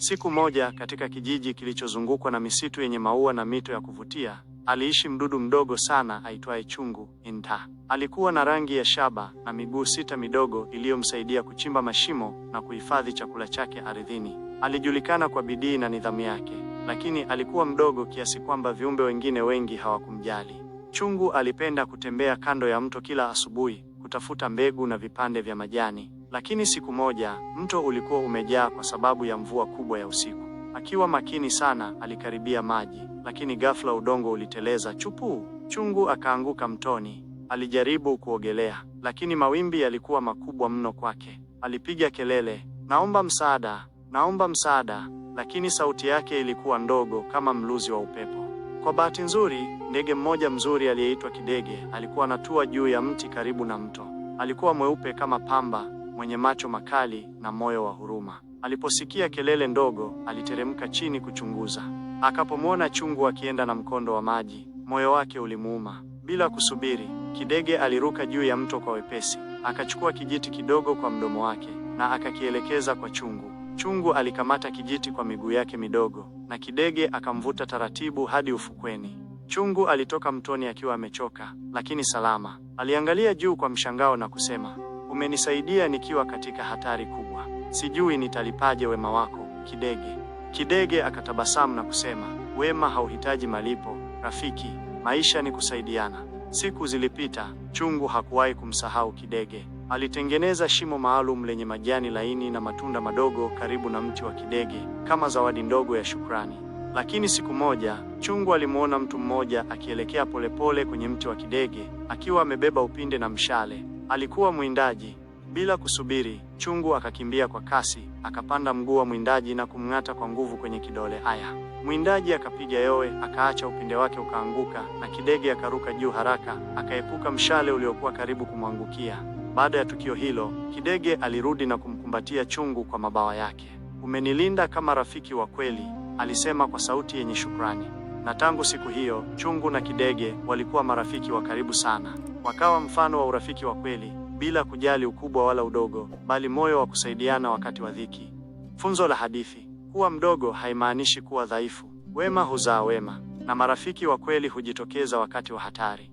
Siku moja katika kijiji kilichozungukwa na misitu yenye maua na mito ya kuvutia, aliishi mdudu mdogo sana aitwaye Chungu Inta. Alikuwa na rangi ya shaba na miguu sita midogo iliyomsaidia kuchimba mashimo na kuhifadhi chakula chake ardhini. Alijulikana kwa bidii na nidhamu yake, lakini alikuwa mdogo kiasi kwamba viumbe wengine wengi hawakumjali. Chungu alipenda kutembea kando ya mto kila asubuhi, kutafuta mbegu na vipande vya majani. Lakini siku moja mto ulikuwa umejaa kwa sababu ya mvua kubwa ya usiku. Akiwa makini sana, alikaribia maji, lakini ghafla udongo uliteleza chupu. Chungu akaanguka mtoni. Alijaribu kuogelea, lakini mawimbi yalikuwa makubwa mno kwake. Alipiga kelele, naomba msaada, naomba msaada, lakini sauti yake ilikuwa ndogo kama mluzi wa upepo. Kwa bahati nzuri, ndege mmoja mzuri aliyeitwa Kidege alikuwa anatua juu ya mti karibu na mto. Alikuwa mweupe kama pamba mwenye macho makali na moyo wa huruma. Aliposikia kelele ndogo, aliteremka chini kuchunguza. Akapomwona chungu akienda na mkondo wa maji, moyo wake ulimuuma. Bila kusubiri, kidege aliruka juu ya mto kwa wepesi, akachukua kijiti kidogo kwa mdomo wake na akakielekeza kwa chungu. Chungu alikamata kijiti kwa miguu yake midogo na kidege akamvuta taratibu hadi ufukweni. Chungu alitoka mtoni akiwa amechoka lakini salama. Aliangalia juu kwa mshangao na kusema Umenisaidia nikiwa katika hatari kubwa, sijui nitalipaje wema wako Kidege. Kidege akatabasamu na kusema, wema hauhitaji malipo rafiki, maisha ni kusaidiana. Siku zilipita, Chungu hakuwahi kumsahau Kidege. Alitengeneza shimo maalum lenye majani laini na matunda madogo karibu na mti wa Kidege kama zawadi ndogo ya shukrani. Lakini siku moja, Chungu alimwona mtu mmoja akielekea polepole kwenye mti wa Kidege akiwa amebeba upinde na mshale. Alikuwa mwindaji. Bila kusubiri, chungu akakimbia kwa kasi, akapanda mguu wa mwindaji na kumng'ata kwa nguvu kwenye kidole. Haya, mwindaji akapiga yowe, akaacha upinde wake ukaanguka, na kidege akaruka juu haraka, akaepuka mshale uliokuwa karibu kumwangukia. Baada ya tukio hilo, kidege alirudi na kumkumbatia chungu kwa mabawa yake. Umenilinda kama rafiki wa kweli, alisema kwa sauti yenye shukrani. Na tangu siku hiyo, chungu na kidege walikuwa marafiki wa karibu sana wakawa mfano wa urafiki wa kweli, bila kujali ukubwa wala udogo, bali moyo wa kusaidiana wakati wa dhiki. Funzo la hadithi: kuwa mdogo haimaanishi kuwa dhaifu. Wema huzaa wema, na marafiki wa kweli hujitokeza wakati wa hatari.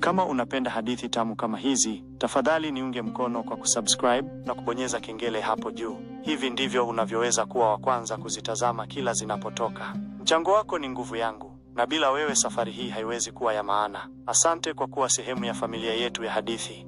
Kama unapenda hadithi tamu kama hizi, tafadhali niunge mkono kwa kusubscribe na kubonyeza kengele hapo juu. Hivi ndivyo unavyoweza kuwa wa kwanza kuzitazama kila zinapotoka. Mchango wako ni nguvu yangu, na bila wewe safari hii haiwezi kuwa ya maana. Asante kwa kuwa sehemu ya familia yetu ya hadithi.